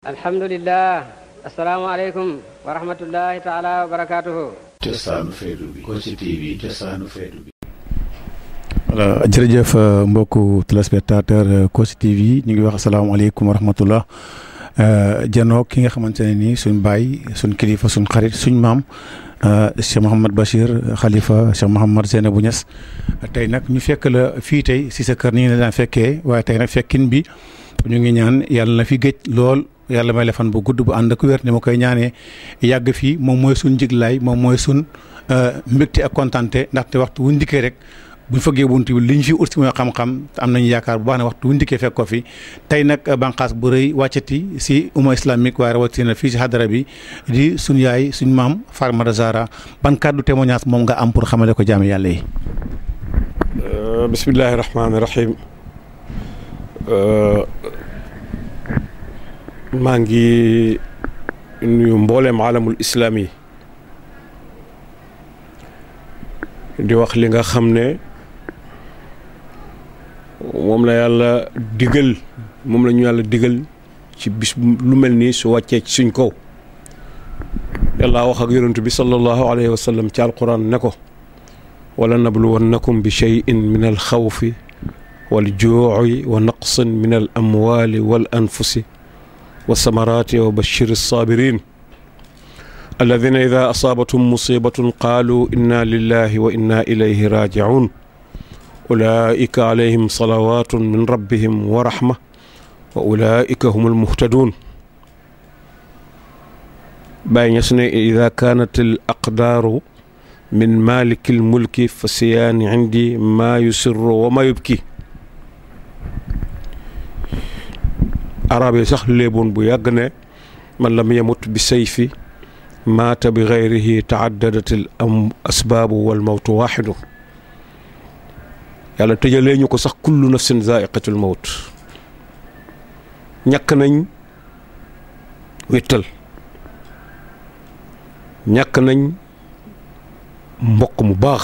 alhamdulilah asalaamaaleykum wa rahmatullahi taala wa barakaatuhu cosaanu feetu euh, euh, ñu ngi wax asalaamaaleykum wa rahmatullah janoo euh, ki nga xamante ne nii suñ baay suñ kilifa suñ xarit suñ maam Cheikh Mouhamad Bachir xalifa Cheikh Mouhamad bu Niass tey nag ñu fekk la fii tey si sa kër ni ñu la daan fekkee waaye tey nag fekkin bi ñu ngi ñaan yàlla na fi gëj lool yàlla may la fan bu gudd bu ànd ak wér ni ma koy ñaanee yàgg fii moom mooy suñ njiglaay moom mooy suñ euh, mbégte ak kontante ndaxte waxtu wu dikkee rek bu ñu fëggee bunt li ñu fi ut si mooy xam-xam am nañu yaakaar bu baax ne waxtu wu ñu dikkee fekk ko fi tey nag euh, banqaas bu rëy wàccati si umma islamique waaye rawatina fii si hadara bi di suñu yaay suñu maam Faatimata Zahra ban te témoignage moom nga am pour xamale ko jaami yàlla yi. Euh, maa ngi nuyu mbooleem alamul islaam yi di wax li nga xam ne moom la yàlla diggal moom la ñu yàlla diggal ci bis lu mel nii su wàccee ci suñ kaw yàlla wax ak yonent bi sallallahu alayhi wa sallam ci alquran ne ko wala nabluwannakum bi cheyin min al xawfi wal juuci wa naqsin min al amwaali wal anfusi والثمرات وبشر الصابرين الذين إذا أصابتهم مصيبة قالوا إنا لله وإنا إليه راجعون أولئك عليهم صلوات من ربهم ورحمة وأولئك هم المهتدون بين يسنى إذا كانت الأقدار من مالك الملك فسيان عندي ما يسر وما يبكي arab sax lebon bu yag ne man lam yamut bi sayfi mat bi ghayrihi taaddadat al asbab wal mawtu wahid yàlla tëjalee ñu ko sax kullu nafsin zaiqatul mawt ñak nañ wéttal ñak nañ mbokk mu bax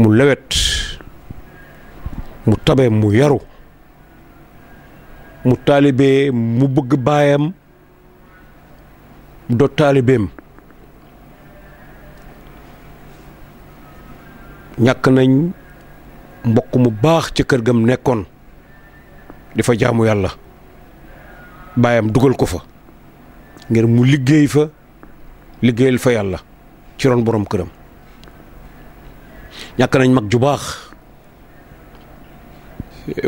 mu lewet mu tabe mu yaru mu taalibee mu bëgg baayam do taalibeem ñàkk nañ mbokk mu baax ci kër gam nekkoon di fa jaamu yàlla baayam dugal ko fa ngir mu liggéey fa liggéeyal fa yàlla ci ron borom këram ñàkk nañ mag ju baax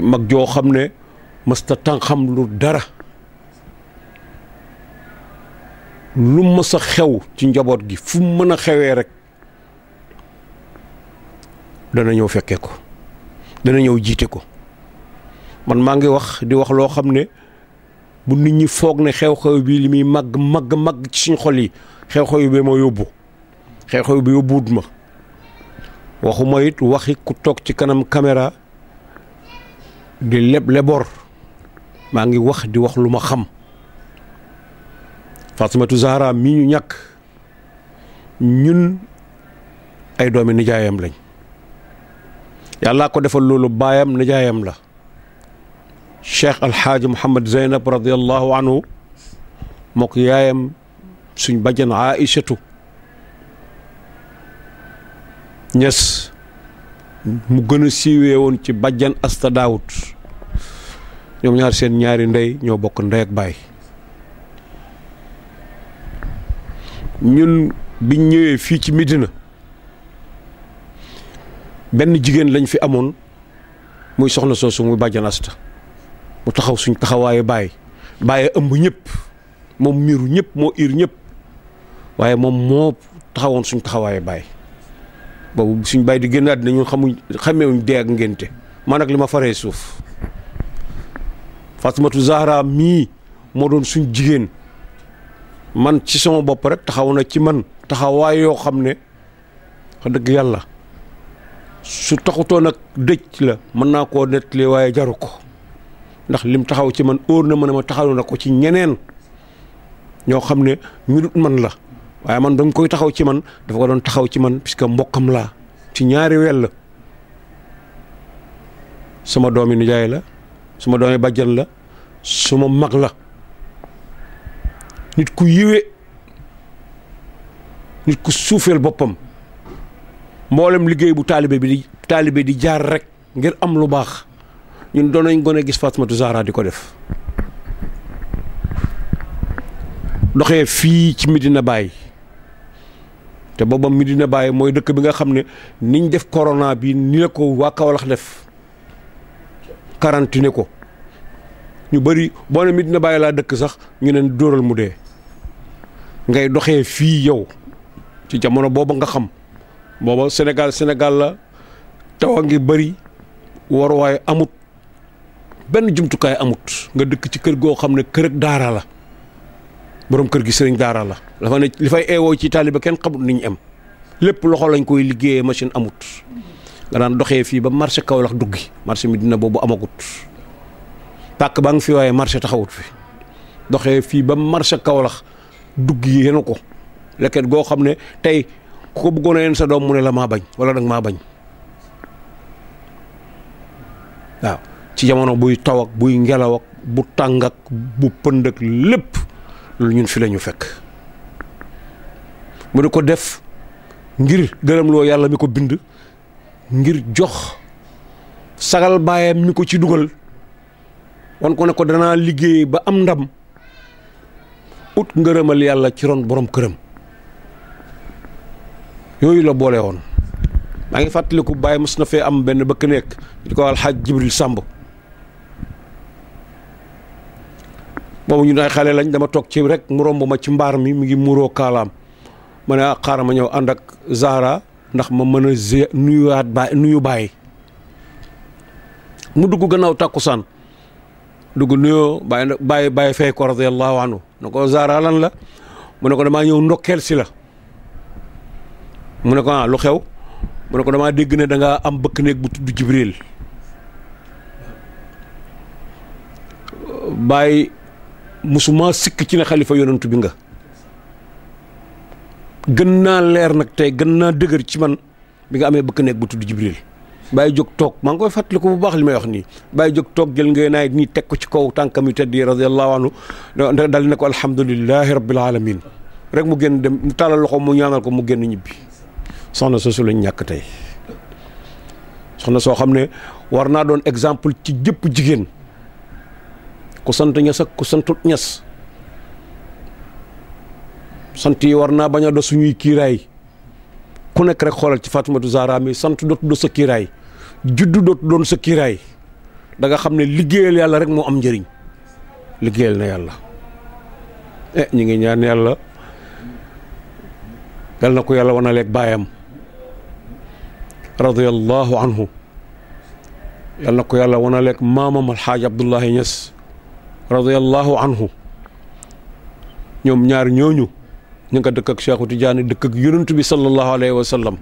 mag joo xam ne mësta xam lu dara lu mës a xew ci njaboot gi fu mën a xewee rek dana ñëw fekkee ko dana ñëw jiite ko man maa ngi wax di wax loo xam ne bu nit ñi foog ne xew-xew bi li muy màgg màgg màgg ci suñ xol yi xew-xew bi ma yóbbu xew-xew bi yóbbuwut ma waxuma it waxi ku toog ci kanam caméra di leb lebor maa ngi wax di wax lu ma xam Fatimatu Zahra mi ñu ñàkk ñun ay doomi nijaayam lañ yàllaa ko defal loolu baayam nijaayam la cheikh alxaaji Mouhamed Zeynab radiallahu anhu moo ko yaayam suñ bajjan Aïchatu ñes mu gën siiwee woon ci bajjan Asta Daawut ñoom ñaar seen ñaari ndey ñoo bokk ndey ak baay ñun biñ ñëwee fii ci Medina benn jigéen lañ fi amoon muy soxna soosu muy bàjjan asta mu taxaw suñ taxawaayu baay baay ëmb ñëpp moom miiru ñëpp moo iir ñëpp waaye moom moo taxawoon suñ taxawaayu baay boobu suñ baay di génnaat na ñu xamuñ xamewuñ dee ak ngénte man ak li ma faree suuf Fatimatu Zahra mii moo doon suñ jigéen man ci sama bopp rek taxaw na ci man taxawaay yoo xam ne wax dëgg yàlla su taxutoon ak dëj la mën naa koo nettali waaye jaru ko ndax lim taxaw ci man óor na ma ne ma taxaw na ko ci ñeneen ñoo xam ne ñu dut man la waaye man ba koy taxaw ci man dafa ko doon taxaw ci man puisque mbokkam laa ci ñaari wel la sama doomi nijaay la suma doomi bàjjan la suma mag la nit ku yiwe nit ku suufeel boppam mboolem liggéey bu taalibe bi di taalibe di jaar rek ngir am lu baax ñun doon nañ gone gis Fatimatu Zahra di ko def doxee fii ci Medina bàyyi te booba Medina bàyyi mooy dëkk bi nga xam ne niñ def corona bi ni la ko waa Kawlax def quarantiné ko ñu bëri boo ne Medina Baye laa dëkk sax ñu neen dóoral mu dee ngay doxee fii yow ci jamono booba nga xam booba Sénégal Sénégal la taw a ngi bari waruwaay amut benn jumtukaay amut nga dëkk ci kër goo xam ne kër ak daara la borom kër gi sëriñ daara la. dafa ne li fay eewoo ci taaliba kenn xamut ni ñu am lépp loxo lañ koy liggéeyee machine amut. nga nan doxé fi ba marché Kaolack duggi marché Medina bobu amagut pàkk bang fi waye marché taxawut fi doxé fi ba marché Kaolack duggi yenu leket go xamné ne ko bëggoon a sa doom mu ne la ma bañ wala nak ma bañ waaw ci jamono buy taw buy ngelaw bu tangak bu pendek ak lépp loolu ñun fi lañu fekk mu def ngir gërëm lo yalla mi ko bind ngir jox sagal baayam mi ko ci dugal wan ko ne ko danaa liggéey ba am ndam ut ngërëmal yàlla ci ron borom këram yooyu la boole woon maa ngi fàttaliku Baye mos na fee am benn bëkk nekk di ko alxaaj Jibril Sàmb boobu ñu ne xale lañ dama toog ci rek mu romb ma ci mbaar mi mu ngi muuroo kaalaam ma ne ah, xaaral ma ñëw ànd ak Zahra ndax ma mën a g nuyuwaat baay nuyu bàyyi mu dugg gannaaw tàkkusaan dugg nuyoo bàyyi bàyyi bàyyi fay ko radiallahu ko zaara lan la mu ne ko damaa ñëw ndokkeel si la mu ne ko ah lu xew mu ne ko damaa dégg ne da am bëkk néeg bu tudd Jibril bàyyi musuma sikk ci ne xalifa yonantu bi nga gën naa leer nag tey gën naa dëgër ci man bi nga amee bëkk nekk bu tudd Jibril bàyyi jóg toog maa ngi koy fàttaliku bu baax li may wax nii bàyyi jóg toog jël ngay naay nii teg ko ci kaw tànkam yu tedd yi radiyallahu anhu dal na ko alhamdulilahi rabbil alamin rek mu génn dem mu tàllal loxo mu ñaanal ko mu génn ñibbi soxna soosu lañ ñàkk tey soxna soo xam ne war naa doon exemple ci jëpp jigéen ku sant ñas ak ku santut ñas sant yi war naa bañ a do suñuy kiiraay ku nekk rek xoolal ci Fatimatu Zahra mi sant dootu do sa kiiraay juddu dootu doon sa kiiraay da xam ne liggéeyal yàlla rek moo am njëriñ liggéeyal na yàlla eh ñu ngi ñaan yàlla dal na ko yàlla wanaleeg baayam radiyallahu anhu yal na ko yàlla wanaleeg maamam alxaaji Abdullahi Ñas radiyallahu anhu ñoom ñaar ñooñu ñu nga dëkk ak Cheikhu Tidiane dëkk ak yonent bi sallallahu alayhi wa sallam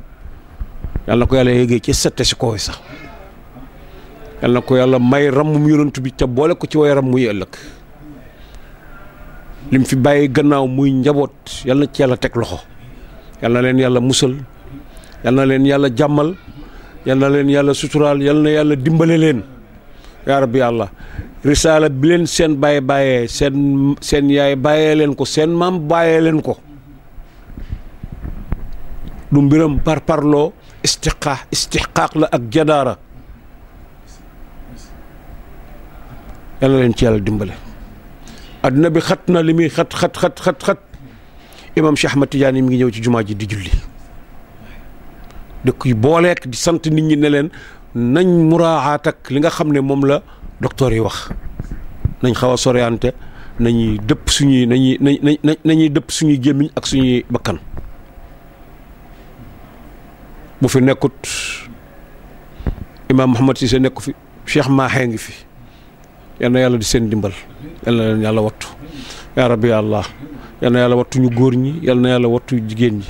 yàlla na ko yàlla yéegee ci sette si kaw sax yàlla ko yàlla may rammum yonent bi ca boole ko ci way ram muy ëllëg lim fi bàyyi gannaaw muy njaboot yàlla na ci teg loxo yàlla leen yàlla musal yàlla leen yàlla jàmmal yàlla na leen yàlla suturaal yàlla na yàlla dimbale leen yaa rabbi yàlla risaala bi leen seen bàyyi bàyyee seen seen yaay bàyyee leen ko seen maam bàyyee leen ko du mbiram par parloo istiqaax istixqaaq la ak jadaara yàlla leen ci yàlla dimbale adduna bi xat na li muy xat xat xat xat xat imam Cheikh Ahmad Tidiane mi ngi ñëw ci jumaa ji di julli dëkk yu booleek di sant nit ñi ne leen nañ muraaxaat ak li nga xam ne moom la docteur yi wax nañ xaw a soriante nañuy dëpp suñuy nañuy nañuy dëpp suñuy gémmiñ ak suñuy bakkan bu fi Imam Muhammad Mouhamed Cissé nekku fi Cheikh Mahe ngi fi yalla yalla di sen dimbal yalla na yalla wattu ya rabbi yàlla ya yal yalla yàlla wattu ñu goor ñi yalla yalla wattu jigen ñi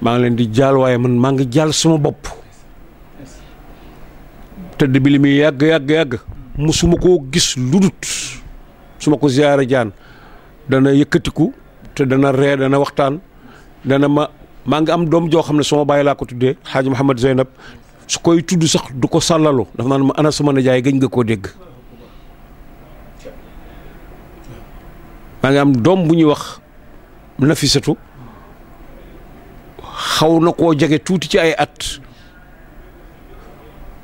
ma ngi len di jall waye man ma ngi jall suma bop tedd bi limi yag yag yag musuma ko gis ludut suma ko ziaré jaan dana yëkkatiku te dana ree dana waxtaan dana ma maa ngi am doom joo xam ne sama bàyyi laa ko tuddee xaaj Mouhamed Zeynab su koy tudd sax du ko sàllalu dafa naan ma ana sama nijaay gëj nga koo dégg maa ngi am doom bu ñuy wax Nafisatu xaw na koo jege tuuti ci ay at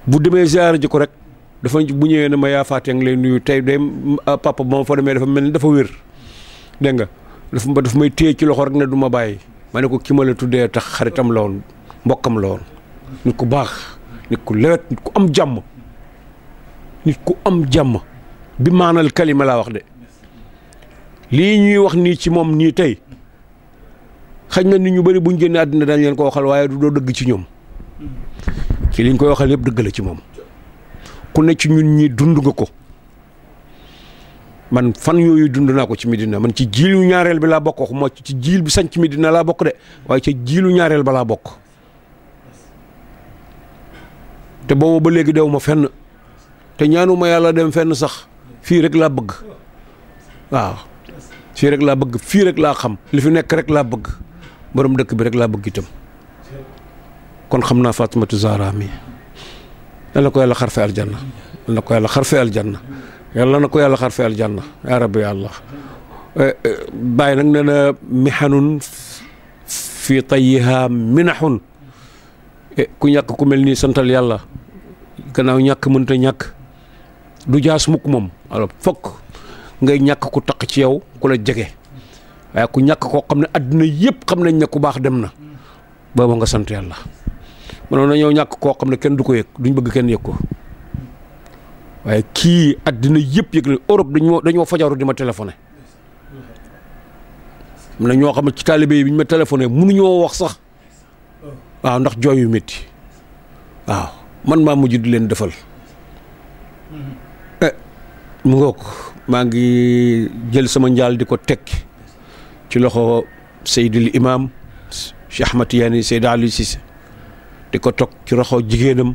bu demee ziyaara ji ko rek dafa bu ñëwee ne ma yaa faatee ngi lay nuyu tey day ah, papa ba ma fa demee dafa mel ni dafa wér dégg nga dafa may téye ci loxo rek ne du ma bàyyi ma ko ki ma la tuddee tax xaritam la woon mbokkam la woon nit ku baax nit ku lewet nit ku am jàmm nit ku am jàmm bi maanal kalima laa wax de lii ñuy wax nii ci moom nii tey xëy na nit ñu bëri buñ génnee àddina dañ leen ko waxal waaye du doo dëgg ci ñoom ci liñ koy waxal yépp dëgg ci moom ku ne ci ñun ñii dund nga ko man fan yoyu dunduna ko ci Medina man ci jilu ñaarel bi laa bokk waxuma ci jil bi sañ ci Medina la bok de way ci jilu ñaarel ba laa te bo ba legi dewuma fenn te ñaanuma yalla dem fenn sax fi rek la bëgg waaw fi rek la bëgg fi rek la xam li fi nek rek la bëgg borom dekk bi rek la bëgg itam kon xamna fatmatu Fatimatu Zahra mi yàlla yalla yàlla xarfe aljanna yàlla yalla aljanna yàlla na ko yàlla xar fi aljanna yaa rabbi yàlla eh, eh, bàyyi nag nee na mixanun fii tayyiha minaxun eh, ku ñàkk ku mel nii santal yàlla gannaaw ñàkk mënta ñàkk du jaas mukk moom alors fokk ngay ñàkk ku taq ci yow ku la jege waaye ku ñàkk koo xam ne àddina yëpp xam nañ ne ku baax dem na booba nga sant yàlla mënoon na ñëw ñàkk koo xam ne kenn du ko yëg duñ bëgg kenn yëg ko waaye kii àddina yëpp yëg na Europe dañoo fajaru di ma téléphoné am na ñoo xam ne ci taalibe yi bi ñu ma téléphoné mënuñoo wax sax waaw ndax jooy yu métti waaw man maa mujj di leen defal eh, mu ngoog maa ngi jël sama njaal di ko teg ci loxo Seydil Imaam Cheikh Ahmad Tidiane Seydi Ali di ko toog ci loxo jigéenam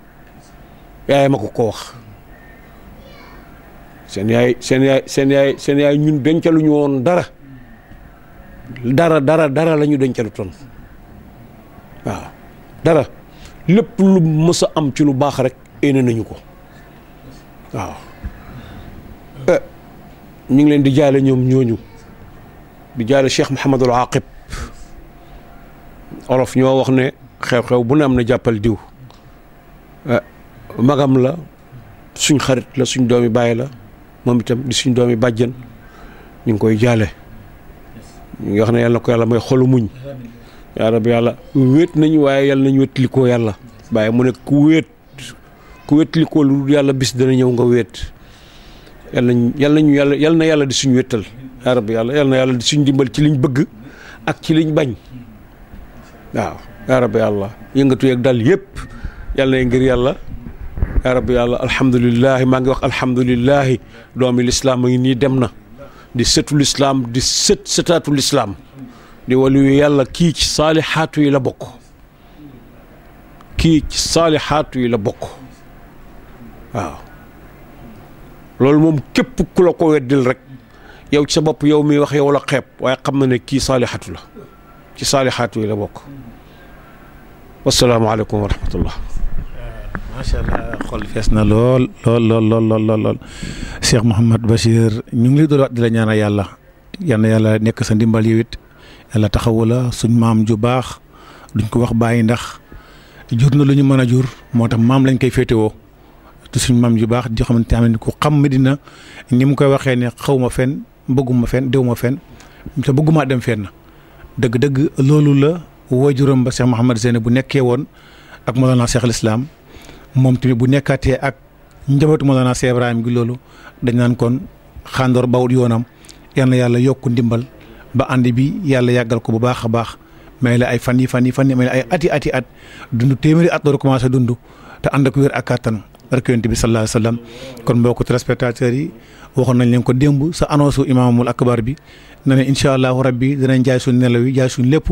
yaay ma ko ko wax seen yaay seen yaay seen yaay seen yaay ñun dencaluñu woon dara dara dara dara lañu ñu dencalu toon waaw dara lépp lu mës am ci lu baax rek éene nañu ko waaw eh, ñu ngi leen di jaale ñoom ñooñu di jaale Cheikh Mouhamadul Aqib olof ñoo wax ne xew-xew bu ne am na jàppal diw eh, magam la suñ xarit la suñ doomi baye la mom itam di suñ doomi bàjjen ñu koy jale ñu ngi wax ne yàlla ko yalla moy xolu muñ yaa rabbi wet nañ waye yalla wet liko yalla baye mu ne ku wet ku liko lu yalla bis dana ñew nga wet yalla yalla ñu yalla yalla na yalla di suñ wetal ya rabbi yalla yalla na yalla di suñ dimbal ci liñ bëgg ak ci liñ bañ waaw ya rabbi yalla yëngatu yeeg dal yépp yalla ngir yalla yaa rabbi yàlla alhamdulilahi maa ngi wax alhamdulilahi doomi lislaam ma ngi nii dem na di sëtu lislaam di sët sëtaatu lislaam di waliyu yàlla kii ci saalixaatu yi la bokk kii ci saalixaatu yi la bokk waaw loolu moom képp ku la ko weddil rek yow ci sa bopp yow mi wax yow la xeeb waaye xam na ne kii saalixaatu la ci saalixaatu yi la bokk wassalaamu aleykum wa rahmatullah macha allah xol fees na lool lool lool lool lool lool lool Cheikh Mouhamad Bachir ñu ngi lay doon wax di la ñaanal yàlla yal na yàlla nekk sa ndimbal yow it yàlla taxawu la suñ maam ju baax duñ ko wax bàyyi ndax jur na lu ñu mën a jur moo tax maam lañ koy te suñ maam ju baax di xamante ne ku xam Medina ni mu koy waxee ne xaw ma fenn bëgguma fenn dew ma fenn te bëggumaa dem fenn dëgg-dëgg loolu la waajuram ba Cheikh Mouhamad bu nekkee woon ak Mawlana Cheikh Islam moom tamit bu nekkaatee ak njabootu Mawlana Cheikh Ibrahim gi loolu dañ naan kon xàndoor bawut yoonam yal na yàlla yokk ndimbal ba andi bi yàlla yàggal ko bu baax a baax may la ay fan yi fan yi fan yi may la ay ati ati at dund téeméeri at door commencé dundu te ànd ak wér ak kàttan barke bi sallallahu alayhi wa sallam kon mbokku téléspectateurs yi waxoon nañ leen ko démb sa annonce u imaamul akbar bi na ne incha allahu rabbi dinañ jaay suñ nelaw yi jaay suñ lépp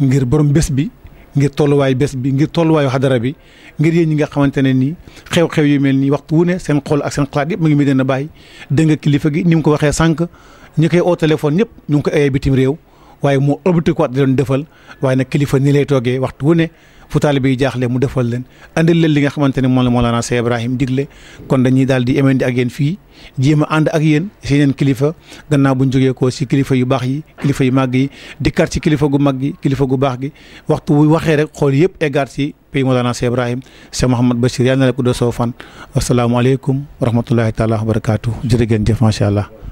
ngir borom bés bi ngir tolluwaay bés bi ngir tolluwaayu xadara bi ngir yéen ñi nga xamante ne nii xew-xew yu mel nii waxtu wu ne seen xol ak seen xalaat yëpp mu ngi Medina Baye dégg nga kilifa gi ni mu ko waxee sànq ñi koy oo téléphone ñëpp ñu ngi ko ayee bitim réew waaye moo ëlbati ko waat di leen defal waaye na kilifa ni lay toogee waxtu wu ne fu taalibe yi jaaxle mu defal leen andil leen li nga xamante ne moom la Mawlana Cheikh Ibrahim digle kon dañuy daal di emendi ak yéen fii jéem a ànd ak yéen si yeneen kilifa gannaaw bu ñu jógee ko si kilifa yu baax yi kilifa yu màgg yi dikkaat si kilifa gu mag gi kilifa gu baax gi waxtu wu waxee rek xool yëpp eggaat si pays Mawlana Cheikh Ibrahim Cheikh Mouhamad Bachir yàlla na la ko soo fan wasalaamualeykum wa rahmatullahi taala wa barakaatu jërë ngeen jëf macha